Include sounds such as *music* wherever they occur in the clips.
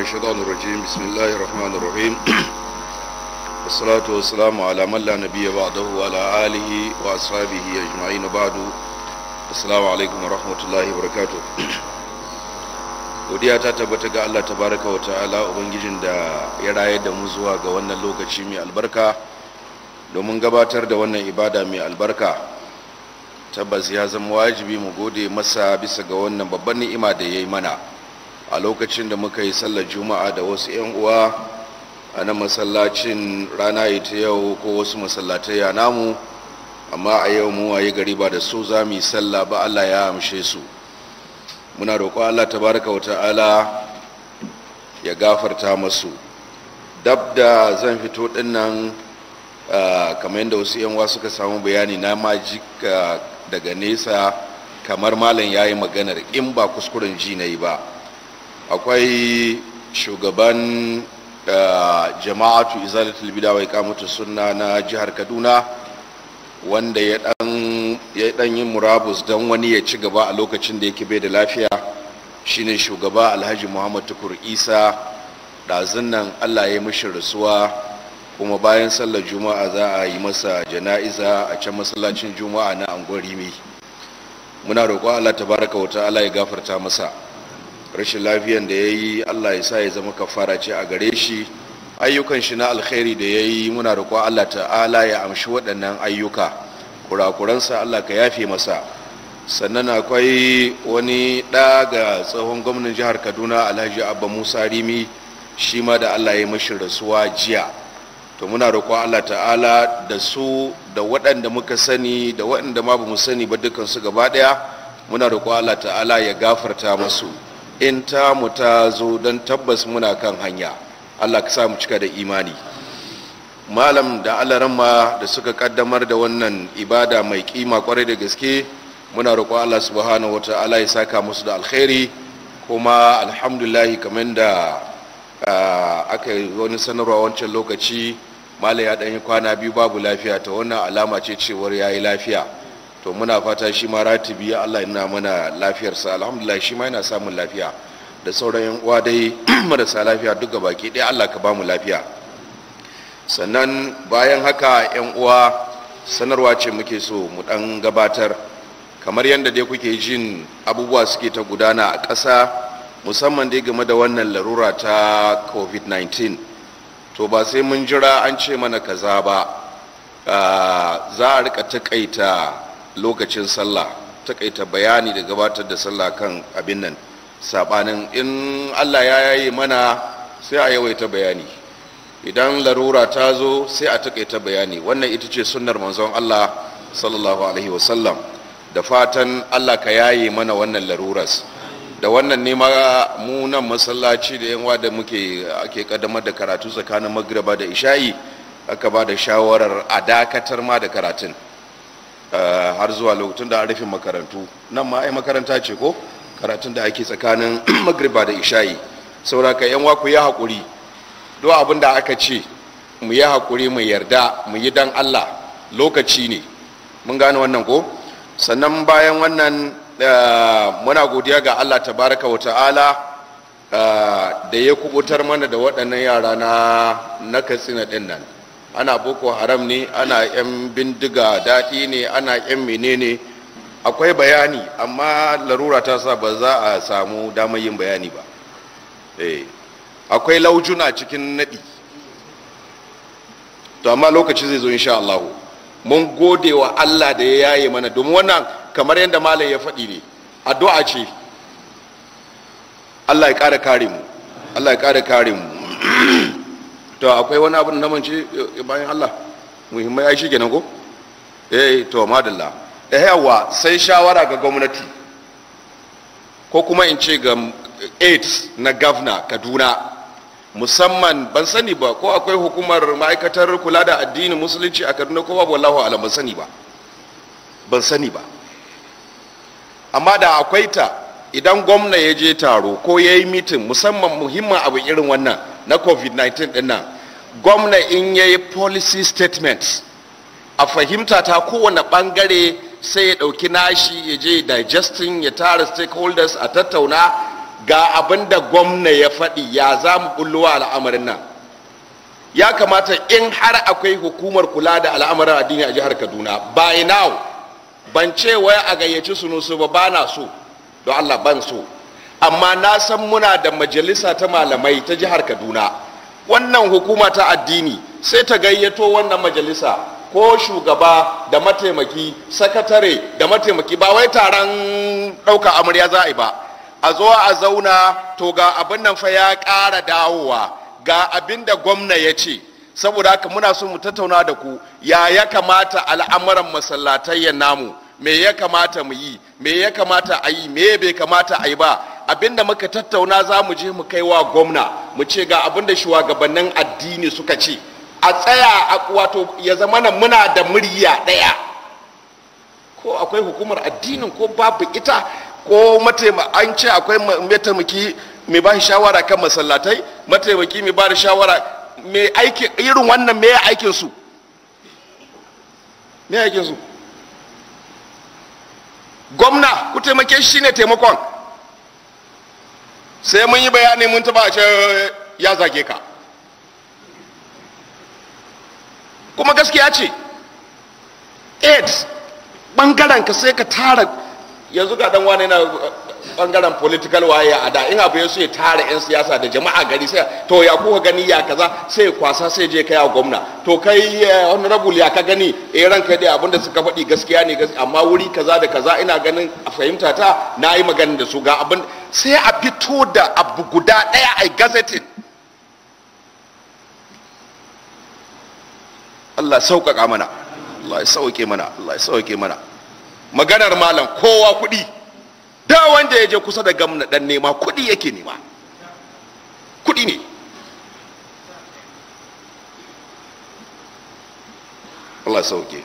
من الشيطان الرجيم بسم الله الرحمن الرحيم *clears throat* والصلاة والسلام على من لا نبي بعده وعلى آله وأصحابه أجمعين بعد السلام عليكم ورحمة الله وبركاته godiya ta tabbata ga Allah tabaraka wa ta'ala ubangijin da ya raye da mu zuwa ga wannan lokaci mai albarka domin gabatar da wannan ibada mai albarka tabbas ya zama wajibi mu gode masa bisa ga wannan babban ni'ima da ya yi mana a lokacin da muka yi sallar juma'a da wasu 'yan uwa a nan masallacin rana ita yau ko wasu masallatai ya namu amma a yau mu waye gari ba da su za mu yi sallah ba Allah ya amshe su muna roƙo Allah tabaraka wa ta'ala ya gafarta masu dab da zan fito dinnan kamar yadda wasu 'yan uwa suka samu bayani na majika daga nesa kamar malam ya yi maganar in ba kuskuren ji na ba akwai shugaban jama'atu izalatul bida wa ikamatu sunna na jihar kaduna wanda ya dan yin murabus dan wani ya ci gaba a lokacin da yake bai da lafiya shine shugaba alhaji muhammad tukur isa ɗazun nan allah ya yi mishi rasuwa kuma bayan sallar juma'a za a yi masa jana'iza a can masallacin juma'a na angwarimi muna roƙon allah tabaraka wata ta'ala ya gafarta masa rashin lafiyan da ya yi allah ya sa ya zama kafara ce a gare shi ayyukan shi na alkhairi da ya yi muna da allah ta'ala ya amshi waɗannan ayyuka kurakuransa allah ka yafe masa sannan akwai wani ɗa ga tsohon gwamnan jihar kaduna alhaji abba musa rimi shi ma da allah ya mashi rasuwa jiya to muna roƙon allah ta'ala da su da waɗanda muka sani da waɗanda ma ba mu sani ba dukansu gaba ɗaya muna roƙon allah ta'ala ya gafarta masu in ta mu ta zo don tabbas muna kan hanya allah ka sa cika da imani malam da alaramma da suka kaddamar da wannan ibada mai kima kwarai da gaske muna roƙo allah subhanahu wata'ala ya saka musu da alkhairi kuma alhamdulahi kamar da aka yi wani sanarwa wancan lokaci malam ya ɗanyi kwana biyu babu lafiya ta wannan alama ce cewar ya yi lafiya to muna fata shi ma ratibi ya Allah ina mana lafiyarsa alhamdulillah shi ma yana samun lafiya da sauran yan uwa dai *clears throat* marasa lafiya duk baki ɗaya Allah ka ba mu lafiya sannan bayan haka yan uwa sanarwa ce muke so mu dan gabatar kamar yadda dai kuke jin abubuwa suke ta gudana a ƙasa musamman dai game da wannan larura ta covid-19 to ba sai mun jira an ce mana kaza ba ah, za a rika takaita lokacin sallah takaita bayani da gabatar da sallah kan abin nan sabanin in Allah ya yayi mana sai a yawaita bayani idan larura ta zo sai a takaita bayani wannan ita ce sunnar manzon Allah sallallahu alaihi wasallam da fatan Allah ka yaye mana wannan laruras da wannan ne mu nan masallaci da yanwa da muke ake kaddamar da karatu tsakanin magriba da isha'i aka ba da shawarar a dakatar ma da karatun Eh, har zuwa lokacin da an rufe makarantu nan ma ai makaranta ce ko karatun da ake tsakanin *clears throat* magriba da isha'i sauraka yan waku ya haƙuri duk abin da aka ce mu yi haƙuri mu yarda mu yi dan allah lokaci ne mun gane wannan ko sannan bayan wannan eh, muna godiya ga allah tabaraka wa ta'ala eh, da ya kubutar mana da waɗannan yara na katsina ɗin nan ana boko haram ne ana yan bindiga daɗi ne ana yan menene akwai bayani amma larura ta sa ba za a samu damar yin bayani ba eh, akwai laujuna cikin naɗi to amma lokaci zai zo insha Allah mun gode wa Allah da ya yaye mana domin wannan kamar yadda malam ya faɗi ne addu'a ce Allah ya ƙara kare mu Allah ya ƙara kare mu to akwai wani abin da mance eh, bayan Allah muhimmai ai shikenan ko eh to madalla eh yawa sai shawara ga gwamnati ko kuma in ce ga eh, aids na governor Kaduna musamman ban sani ba ko akwai hukumar ma'aikatar kula da addinin musulunci a Kaduna ko babu wallahu alam ban sani ba ban sani ba amma da akwai ta idan gwamna ya je taro ko ya yi mitin musamman muhimman abu irin wannan na covid-19 din gwamna in ya yi policy statement a fahimta ta kowane bangare sai ya ɗauki nashi ya je digesting ya tara stakeholders a tattauna ga abin da gwamna ya faɗi ya za mu bulluwa al'amarin nan ya kamata in har akwai hukumar kula da al'amarin addini a jihar kaduna by now ban ce wai a gayyaci sunusu ba ba na so don allah ban so amma na san muna da majalisa ta malamai ta jihar kaduna wannan hukuma ta addini sai ta gayyato wannan majalisa ko shugaba da mataimaki sakatare da mataimaki ba wai taron ɗauka amarya za a yi ba a zo a zauna to ga abin nan fa ya ƙara dawowa ga abin da gwamna ya ce saboda haka muna so mu tattauna da ku ya ya kamata al'amuran masallatayyan namu me ya kamata mu yi me ya kamata a yi me bai kamata a yi ba abinda muka tattauna za mu je mu kai wa gwamna mu ce ga abinda shugabannin addini suka ce a tsaya a wato ya zama na muna da murya ɗaya ko akwai hukumar addinin ko babu ita ko mataima an ce akwai mataimaki mai ba shawara kan masallatai mataimaki mai ba shawara mai aiki irin wannan mai aikin su mai aikin su gwamna ku taimake shi ne taimakon sai mun yi bayani mun taba ce ya zage ka kuma gaskiya ce aids bangaren ka sai ka tara yanzu ga dan wane na bangaren political waye a da in abu ya ya tara 'yan siyasa da jama'a gari sai to ya kuka gani ya kaza sai kwasa sai je kai a gwamna to kai eh, honorable ya ka gani eh kai dai abinda suka faɗi gaskiya ne amma wuri kaza da kaza ina ganin a fahimta ta na yi magana da su ga abin sai a fito da abu guda ɗaya a gazetin Allah sauƙaƙa mana Allah ya sauƙe mana Allah ya sauƙe mana maganar malam kowa kuɗi da wanda ya je kusa da gamna dan nema kuɗi yake nema kuɗi ne Allah sauke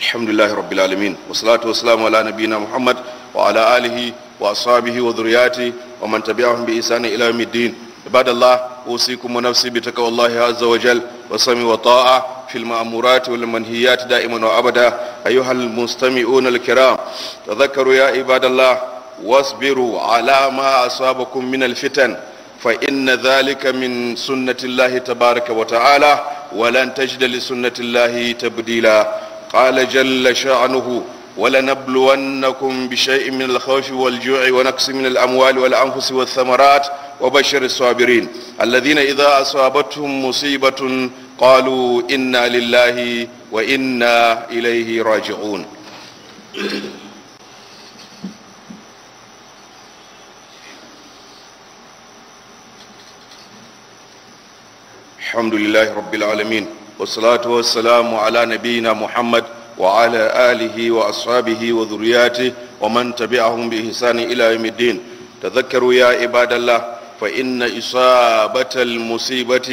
alhamdulillahi rabbil alamin wassalatu wassalamu ala nabiyyina muhammad wa ala alihi wa ashabihi wa dhurriyyati wa man tabi'ahum bi ihsan ila yawmiddin ibadallah usikum wa nafsi bi taqwallahi azza wa jal wa sami wa ta'a في المأمورات والمنهيات دائما وأبدا أيها المستمعون الكرام تذكروا يا عباد الله واصبروا على ما أصابكم من الفتن فإن ذلك من سنة الله تبارك وتعالى ولن تجد لسنة الله تبديلا قال جل شأنه ولنبلونكم بشيء من الخوف والجوع ونقص من الأموال والأنفس والثمرات وبشر الصابرين الذين إذا أصابتهم مصيبة قالوا إنا لله وإنا إليه راجعون الحمد لله رب العالمين والصلاة والسلام على نبينا محمد وعلى آله وأصحابه وذرياته ومن تبعهم بإحسان إلى يوم الدين تذكروا يا عباد الله فإن إصابة المصيبة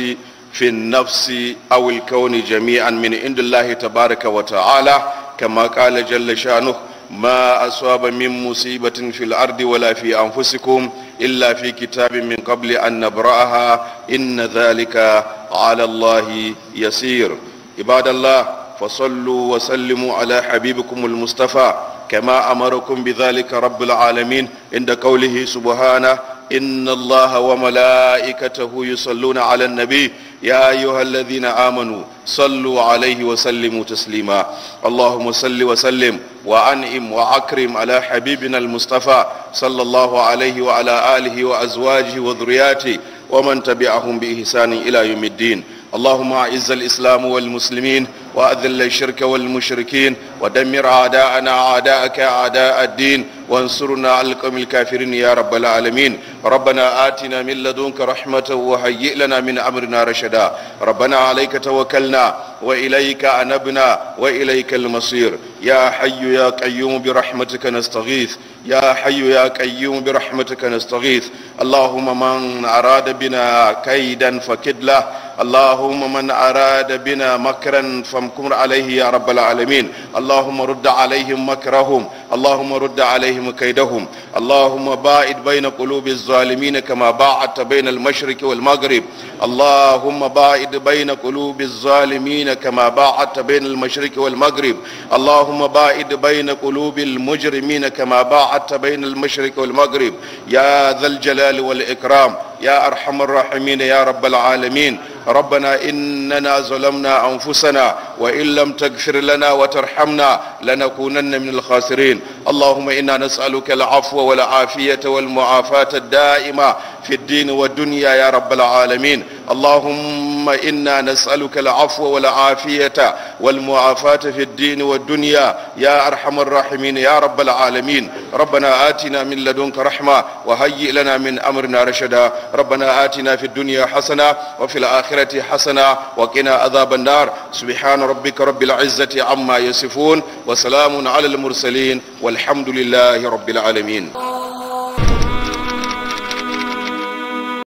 في النفس أو الكون جميعا من عند الله تبارك وتعالى كما قال جل شانه ما أصاب من مصيبة في الأرض ولا في أنفسكم إلا في كتاب من قبل أن نبرأها إن ذلك على الله يسير عباد الله فصلوا وسلموا على حبيبكم المصطفى كما أمركم بذلك رب العالمين عند قوله سبحانه إن الله وملائكته يصلون على النبي يا أيها الذين آمنوا صلوا عليه وسلموا تسليما اللهم صل وسلم وأنئم وأكرم على حبيبنا المصطفى صلى الله عليه وعلى آله وأزواجه وذرياته ومن تبعهم بإحسان إلى يوم الدين اللهم أعز الإسلام والمسلمين وأذل الشرك والمشركين ودمر أعداءنا أعداءك أعداء الدين وانصرنا على القوم الكافرين يا رب العالمين ربنا آتنا من لدنك رحمة وهيئ لنا من أمرنا رشدا ربنا عليك توكلنا وإليك أنبنا وإليك المصير يا حي يا قيوم برحمتك نستغيث يا حي يا قيوم برحمتك نستغيث اللهم من أراد بنا كيدا فكد له اللهم من أراد بنا مكرا فامكر عليه يا رب العالمين اللهم رد عليهم مكرهم اللهم رد عليهم كيدهم اللهم باعد بين قلوب الظالمين كما باعدت بين المشرق والمغرب اللهم باعد بين قلوب الظالمين كما باعدت بين المشرق والمغرب اللهم باعد بين قلوب المجرمين كما باعدت بين المشرق والمغرب يا ذا الجلال والإكرام يا أرحم الراحمين يا رب العالمين ربنا إننا ظلمنا أنفسنا وإن لم تغفر لنا وترحمنا لنكونن من الخاسرين اللهم إنا نسألك العفو والعافية والمعافاة الدائمة في الدين والدنيا يا رب العالمين اللهم اللهم إنا نسألك العفو والعافية والمعافاة في الدين والدنيا يا أرحم الراحمين يا رب العالمين ربنا آتنا من لدنك رحمة وهيئ لنا من أمرنا رشدا ربنا آتنا في الدنيا حسنة وفي الآخرة حسنة وقنا عذاب النار سبحان ربك رب العزة عما يصفون وسلام على المرسلين والحمد لله رب العالمين